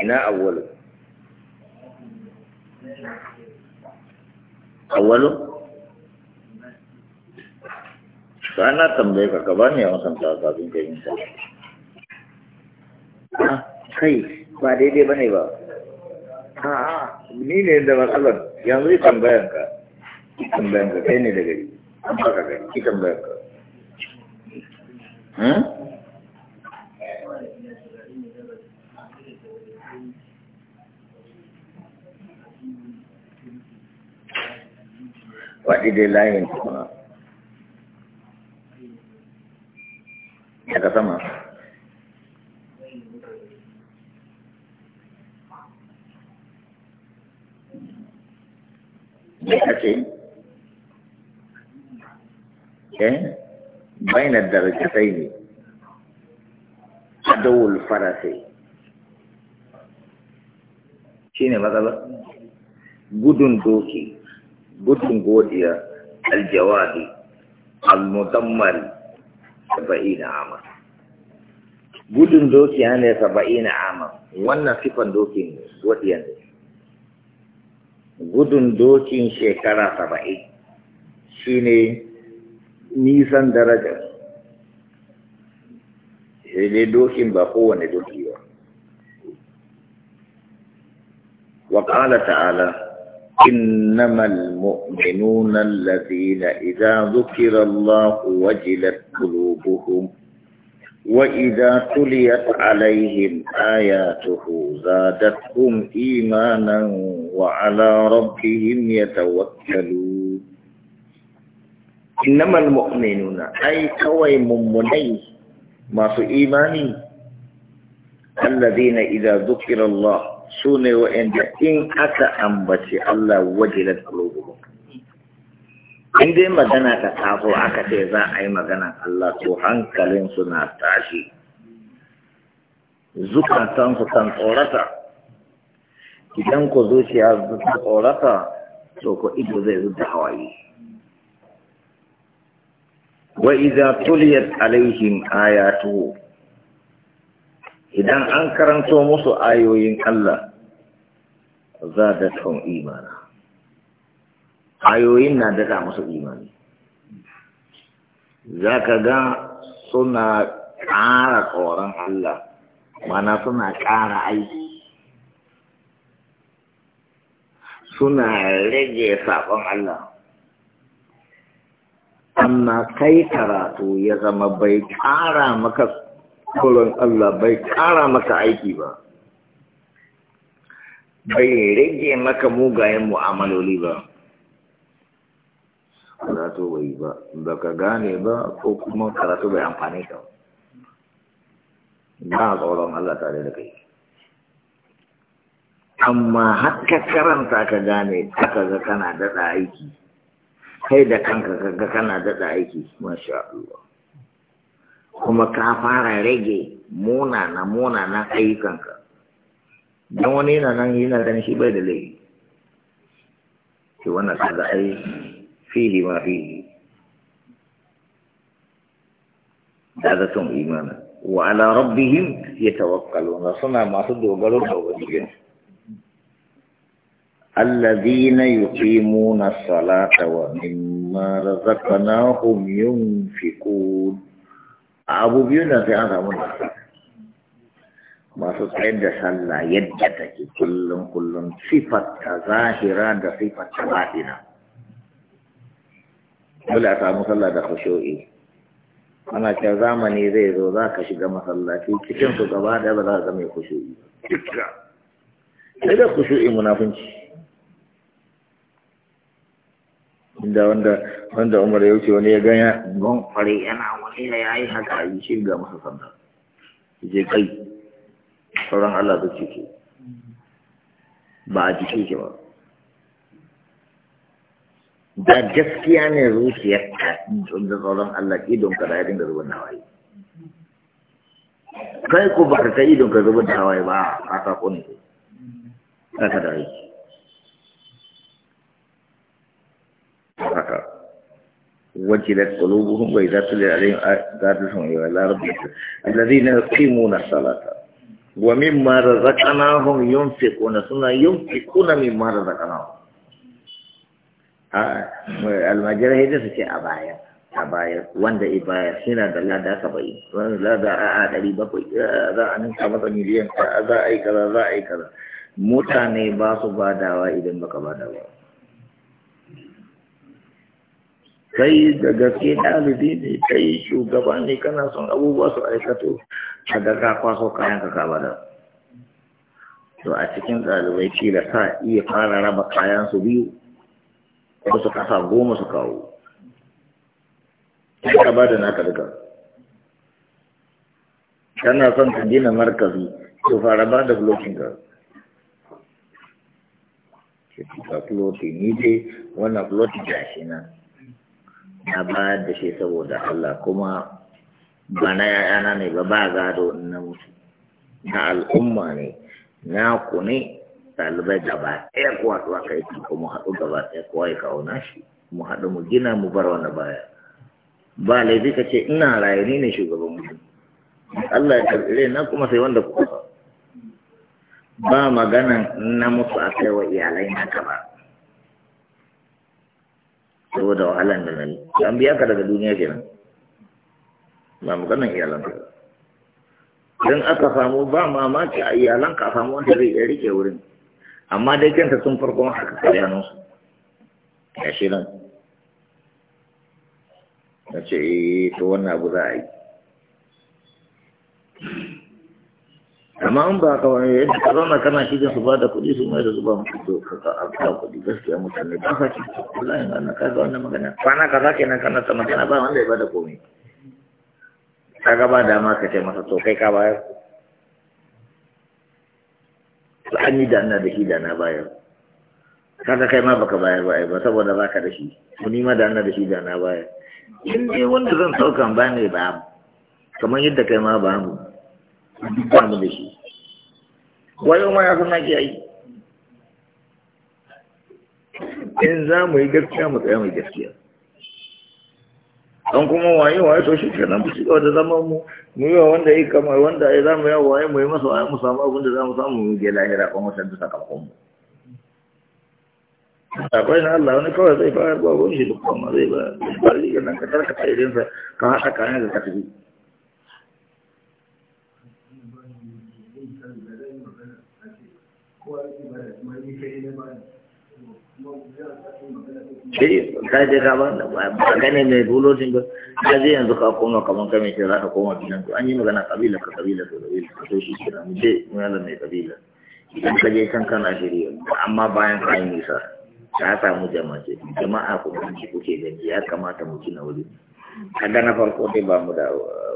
ina awwalu awwalu sana tambaye ka ka bani yawan san ta kafin ka yin ah, kai ba daidai ba ne ba a'a ni ne da matsalar yanzu yi tambayan ka tambayan ka kai ne da gari an baka gari yi tambayan ka hmm? Waɗi dai layin kuma daga sama da kace eh bayan darajatai ne adawul farasi shine matsala gudun doki gudun godiya aljawadi almutammal saba'ina ama gudun dokiya ne saba'ina ama wannan sifan dokin godiya ne gudun dokin shekara saba'in shine nisan daraja ne dokin ba kowane doki ba wa ta'ala إنما المؤمنون الذين إذا ذكر الله وجلت قلوبهم وإذا تليت عليهم آياته زادتهم إيمانا وعلى ربهم يتوكلون إنما المؤمنون أي كوي ممني ما في إيماني الذين إذا ذكر الله su ne wa'inda in aka ambaci Allah wajilar kulubu in dai magana ta taso aka ce za a yi magana Allah to hankalin suna tashi zukatansu kan tsorata idan ku zuciya ta tsorata to ku ido zai zuta hawaye wa idza tuliyat alaihim ayatu idan an karanto musu ayoyin Allah za da tun imana ayoyin na daɗa musu imani za ka ga suna ƙara tsoron Allah mana suna ƙara aiki suna rage saƙon Allah. Amma kai karatu ya zama bai ƙara maka tsoron Allah bai ƙara maka aiki ba bai rage maka mugayen mu'amaloli ba karatu bai ba ka gane ba ko kuma karatu bai amfani ka ba tsoron Allah tare da kai amma har ka karanta ka gane aka ga kana daɗa aiki kai da kanka ka ga kana daɗa aiki masha Allah kuma ka fara rage muna na muna na ayyukanka don wani yana nan yana gani shi bai da laifi shi wannan kaga ai fili ma fili da za sun imana wa ala rabbihim yatawakkaluna suna masu dogaro da ubangiji الذين يقيمون الصلاة ومما رزقناهم ينفقون a abu biyu nan sai an samu da masu tsayar da sallah yadda take kullum kullum sifar ta zahira da sifar ta batina dole a samu sallah da khushu'i ana ce zamani zai zo za ka shiga masallaci cikin su gaba da ba za ka mai kushu'i sai da khushu'i munafunci inda wanda wanda umar ya wuce wani ya ganya gon fare yana wani na ya yi haka a yi shi ga masa sanda je kai sauran Allah da cike ba a jike ke ba da gaskiya ne zuciyar ka da sauran Allah idon ka da ya dinga zubar da hawaye kai ko ba ka idon ka zubar da hawaye ba a ka kone ka ka da aiki وجلت قلوبهم وإذا تلي عليهم آياتهم إلى ربهم الذين يقيمون الصلاة ومما رزقناهم ينفقون ثم ينفقون مما رزقناهم almajirai yadda su ce a baya a baya wanda i baya suna da lada saba'in wanda lada a ɗari bakwai za a ninka masa miliyan za a yi kaza za a yi kaza mutane ba su badawa idan baka bada ba kai da gaske ɗalibi ne kai shugaba ne kana son abubuwa su aikato a ga ka kwaso kayan ka kaba da to a cikin ɗalibai da sa iya fara raba kayan su biyu ko su kasa goma su kawo ka kaba da naka duka kana son ka gina markazi to fara ba da blokin ka ka ni dai wannan blokin shi nan na bayar da shi saboda Allah kuma ba na yayana ne ba ba gado na mutu na al'umma ne na ku ne ɗalibai gaba ɗaya kuwa zuwa kai ko mu haɗu gaba ɗaya kuwa ya kawo shi, mu haɗu mu gina mu bar wani baya ba laifi ka ce ina raye ni ne shugaban mutum Allah ya karɓi na kuma sai wanda ku ba maganan na mutu a kai wa iyalai na gaba saboda wahalan da nan an biya ka daga duniya kenan ba mu iyalan iyalanka idan aka samu ba mamaki a iyalanka ka samu wanda zai iya rike wurin amma dai kanta sun farko haka su. ya shi nan na ce eh, to wannan abu za a yi amma in ba ka wani yadda ka zauna kana cikin su ba da kuɗi su mai da zuba musu to ka ka alƙa kuɗi gaskiya mutane ba sa cikin kula yin na ka zauna magana kwana ka sake nan kana ta magana ba wanda ya bada komai ka ga ba dama ka ce masa to kai ka bayar to an yi da ina da shi da na bayar kaga kai ma baka bayar ba ai ba saboda baka da shi to nima ma da ina da shi da na bayar in dai wanda zan saukan ba ne ba kamar yadda kai ma ba mu duk ba mu da shi wayo ma ya fi na yi in za mu yi gaskiya mu tsaya mu gaskiya don kuma waye waye to shi kenan mu shiga da zama mu mu yi wa wanda ya kama wanda ya zamu yawo waye mu yi masa waye mu samu abin da za mu samu mu je lahira kan wata da sakamakon mu akwai na Allah wani kawai zai fara ba wani shi duk kuma zai ba bari ga nan ka tarkata idan ka haɗa kayan da ka tafi sai ka je ka ba ba gane mai bulocin ba ka je yanzu ka koma kaman ka mai za ka koma gidan to an yi magana kabila ka kabila to kabila to shi ke nan je mu yana mai kabila idan ka je can kana shirya amma bayan ka yi nisa ka samu jama'a ce jama'a kuma shi kuke gani ya kamata mu gina wuri kaga na farko dai ba mu da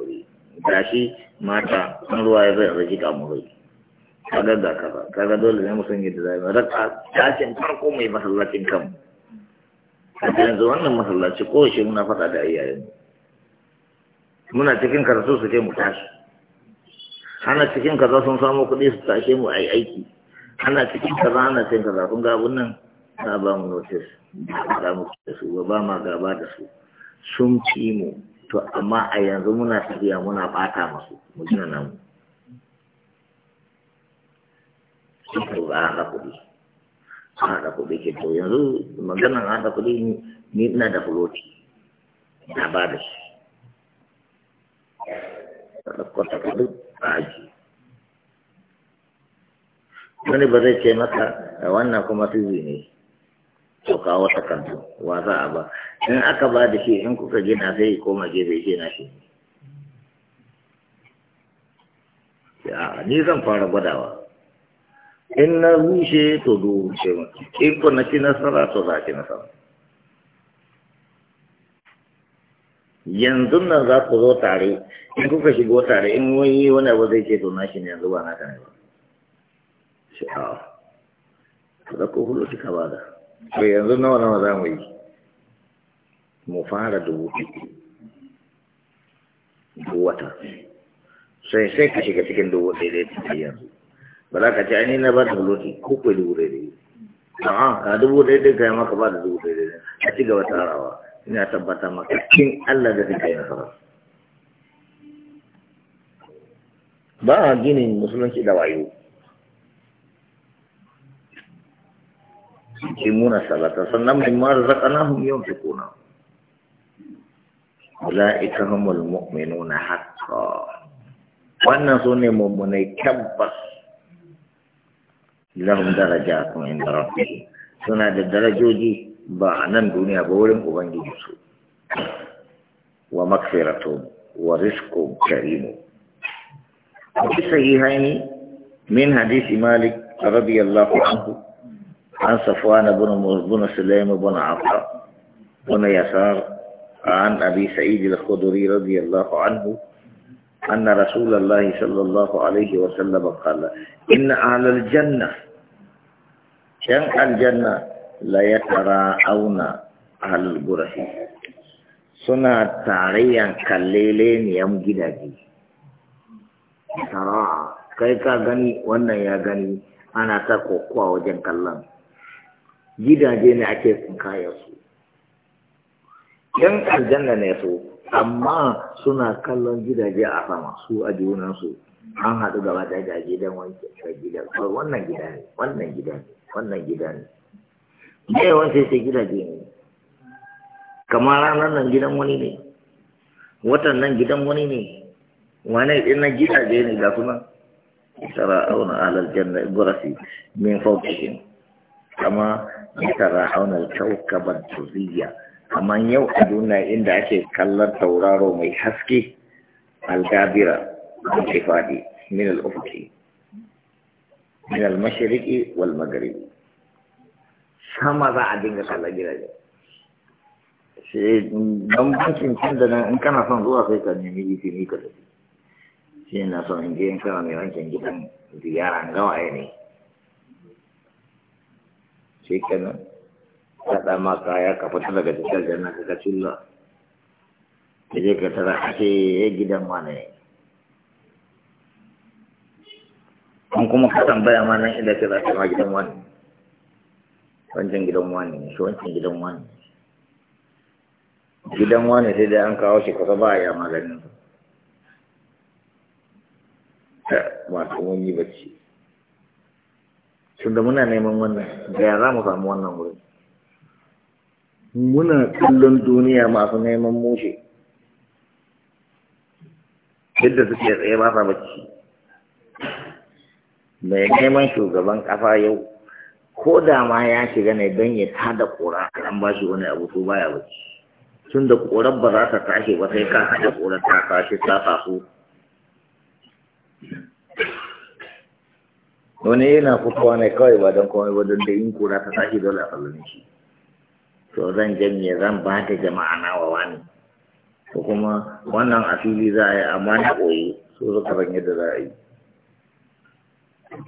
wuri gashi mata sun ruwa ya zai rage kamun rai kaga da kaza kaga dole ne mu san yadda zai ba. raka tashin farko mai masallacin kanmu yanzu wannan masallaci ko shi muna faɗa da iyayen muna cikin karatu su suke mu tashi ana cikin kaza sun samu kuɗi su tashe mu ai aiki ana cikin kaza ana cikin kaza kun ga abun nan na ba mu notis ba mu da su ba ma gaba da su sun fi mu to amma a yanzu muna tafiya muna bata masu mu gina namu. Sun ba ana da kuɗi ke to yanzu maganan da kuɗi ni ina da fuloti na ba da shi ta ɗauko takardu a aji wani ba zai ce maka wannan kuma fizi ne to kawo takardu wa za a ba in aka ba da shi in kuka gina sai koma gefe gina shi ni zan fara gwadawa in na rushe to rushe ba in ko na ci nasara to za ki nasara yanzu nan za ku zo tare in kuka shigo tare in wani wani abu zai ce to na shi ne yanzu ba na tare ba sha'awa ku da ku hulu suka ba da to yanzu nawa nawa za mu yi mu fara dubu dubu wata sai sai ka shiga cikin dubu ɗaya ɗaya yanzu ba za ka ce ainihin na ba da buloti ko kuwa dubu ɗaya ɗaya a'a ka dubu ɗaya ɗaya ka maka ba da dubu ɗaya ɗaya a ci gaba tarawa ina tabbata maka kin Allah da kai nasara ba a ginin musulunci da wayo muna salata sannan min ma razaqnahum yunfiquna ulaika humul mu'minuna haqqan wannan sune mummunai tabbas لهم درجات عند ربهم سنة الدرجوجي بعنان دنيا بولم وبنجي جسو ومغفرة ورزق كريم وفي صحيحين من حديث مالك رضي الله عنه عن صفوان بن بن سليم بن عطاء بن يسار عن أبي سعيد الخدري رضي الله عنه anna na rasu Sallallahu Alaihi wa Sallama ƙa'ila. Inna a halar canna. Yan aljanna na ya tara auna a halarci. Suna tarayyar kallelan miyam gidaje. Tara a kai ka gani wannan ya gani, ana sa kwaikwayon kallon. Gidaje ne ake tsinkaye su. Yan aljanna ne su. amma suna kallon gidaje a sama su a junansu an haɗu da wata gaji don wancan gidan wannan gida ne wannan gida ne wannan gida ne da yawan sai sai gidaje ne kamar ranar nan gidan wani ne watan nan gidan wani ne wane ɗin nan gidaje ne ga sunan يتراءون أهل الجنة برسي Kama فوقهم كما يتراءون الكوكب الجزية amma yau a duniya inda ake kallon tauraro mai haske algabira ke faɗi min al'ufuki min al-mashriqi wal maghribi sama za a dinga kallon gidaje sai bambancin can da nan in kana son zuwa sai ka nemi yi izini ka tafi shi na son in je in kana mai wancan gidan ziyara gawaye ne shi kenan kaɗa ma kaya ka fita daga cikin jana ka ka cilla ka je ka tara ake ya eh, gidan ma ne an kuma ka tambaya ma nan inda ka za ka ma gidan wani wancan gidan wani ne shi wancan gidan wani gidan wani sai dai an kawo shi kusa ba a yi maganin wato Masu wani bacci tunda muna neman wannan da ya za mu samu wannan wurin muna kallon duniya masu neman mushe yadda suke tsaye ba sa bacci mai neman shugaban kafa yau ko da ma ya shiga ne don ya tada kora an ba shi wani abu to baya bacci tun da korar ba za ta tashi ba sai ka haɗa korar ta tashi ta taso wani yana fitowa ne kawai ba don kawai ba don da yin kora ta tashi dole a tsallon shi to zan janye zan ba ta jama'a na wa wani ko kuma wannan asiri fili za a yi amma na koyi so ka ban yadda za a yi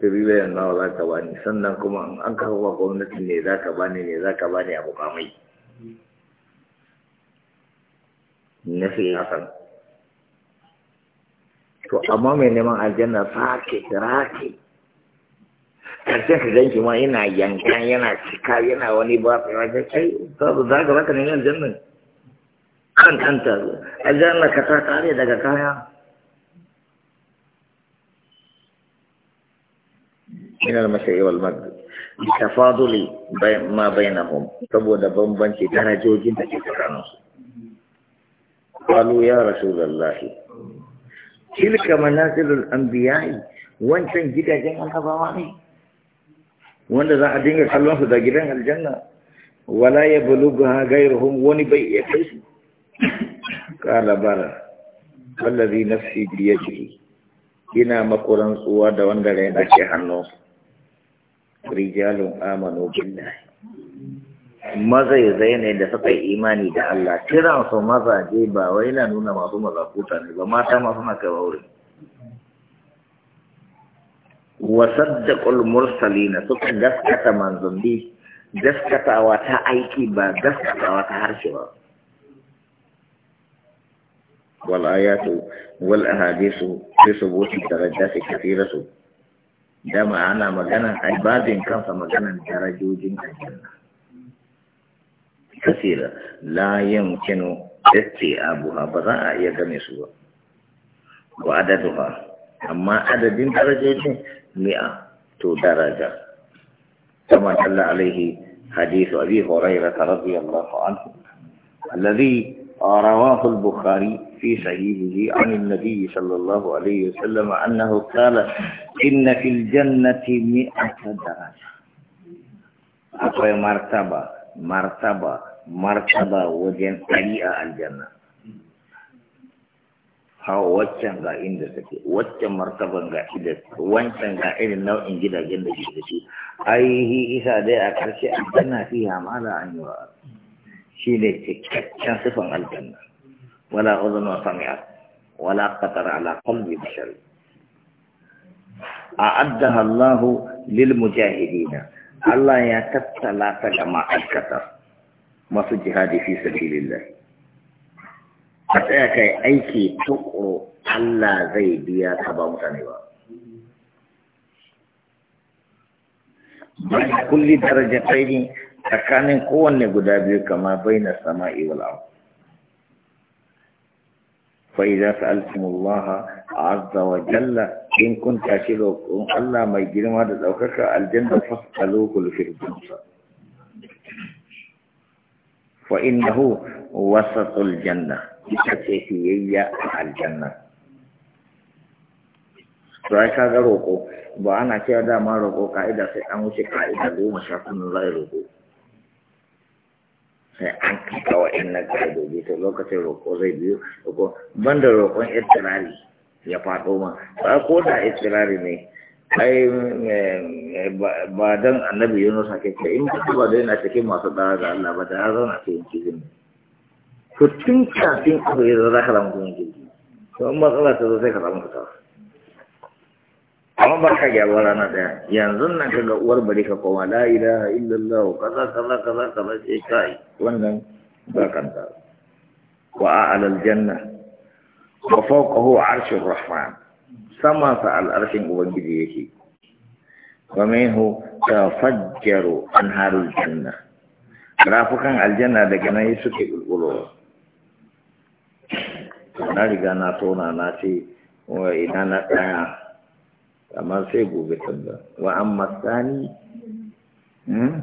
sabila yan nawa za ka bani sannan kuma an wa gwamnati ne za ka bani ne za ka bani a mukamai na siyasan to amma mai neman aljanna sake rake karshen ka ma yana yankan yana cika yana wani ba ka yi kai babu za ka baka neman jannan kan kanta aljanna ka ta kare daga kaya من المشي والمد لتفاضل ما بينهم saboda bambanci darajojin da ke ya قالوا يا رسول الله تلك منازل الانبياء wancan gidajen annabawa ne wanda za a dinga kallon su da gidan aljanna wala ya bulugha ghayruhum wani bai iya kai su qala bara wallazi nafsi bi yadihi ina makuran tsuwa da wanda rai da ke hannu rijalun amanu billahi mazaizai ne da suka yi imani da Allah kiran su mazaje ba wai na nuna masu mazakuta ne ba mata ma suna kai wurin wa saddaqul mursalina suka gaskata manzanni gaskatawa ta aiki ba gaskatawa ta harshe ba wal ayatu wal ahadisu fi subuti darajati kathiratu dama ana magana ai babin kansa maganan darajojin aljanna kasira la yamkinu istiabuha ba za a iya gane su ba wa ba amma adadin darajojin مئة درجة كما دل عليه حديث أبي هريرة رضي الله عنه الذي رواه البخاري في صحيحه عن النبي صلى الله عليه وسلم أنه قال إن في الجنة مئة درجة أقوى مرتبة مرتبة مرتبة وجن طريقة الجنة kawo waccan ga inda take waccan martaban ga inda wancan ga irin nau'in gidajen da ke da shi ainihi isa dai a ƙarshe aljanna fi hamala an yi wa shi ne cikakken sifan aljanna wala uzun wa sami'a wala qatar ala qalbi bashari a'addaha Allahu lil mujahidina Allah ya tattala ta ga ma'aikata masu jihadi fi sabilillah ka tsaya ka yi aiki tuko Allah zai biya ka ba mutane ba. Bai kulli daraja ɗaya tsakanin kowanne guda biyu kama bai na sama iwala. Fai za su alkimullaha a arzawa jalla in kun tashi Allah mai girma da ɗaukaka aljan da fasalo kulfir dinsa. Fa'in hu wasa tsul jannah ita ce fiyayya a aljanna to ai ka ga roƙo ba ana cewa dama roƙo ka'ida sai an wuce ka'ida goma sha kunun za a roƙo sai an kika wa'annan ka'idoji to lokacin roƙo zai biyu roƙo da roƙon itirari ya faɗo ma ba ko da itirari ne ai eh, ba dan annabi yunus ake ce in ba dai na cikin masu ɗara ga Allah ba da ya zauna cikin cikin ne to tun kafin abu ya zo za ka samu kuɗin jirgi to an matsala ta zo sai ka samu fita amma ba ka gyaruwa rana ɗaya yanzu nan ka ga uwar bari ka koma la ilaha illallah kaza kaza kaza kaza ka yi. wannan ba kan ta. wa a alal janna wa fawqahu arshur rahman sama sa al arshin ubangiji yake wa minhu tafajjaru anharul janna rafukan aljanna daga nan suke bulbulowa na riga na tona na ce wa ina na tsaya amma sai gobe canza wa an masani hmm?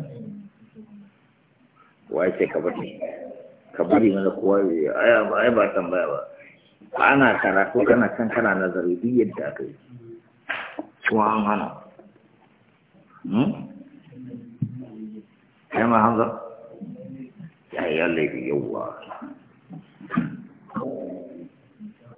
wa ce Kabari bari ka bari mana kowa ai ba tambaya ba ana karatu kana can kana nazari duk yadda aka yi kuma an hana hmm? kai ma hanzar ya yi yalla yawwa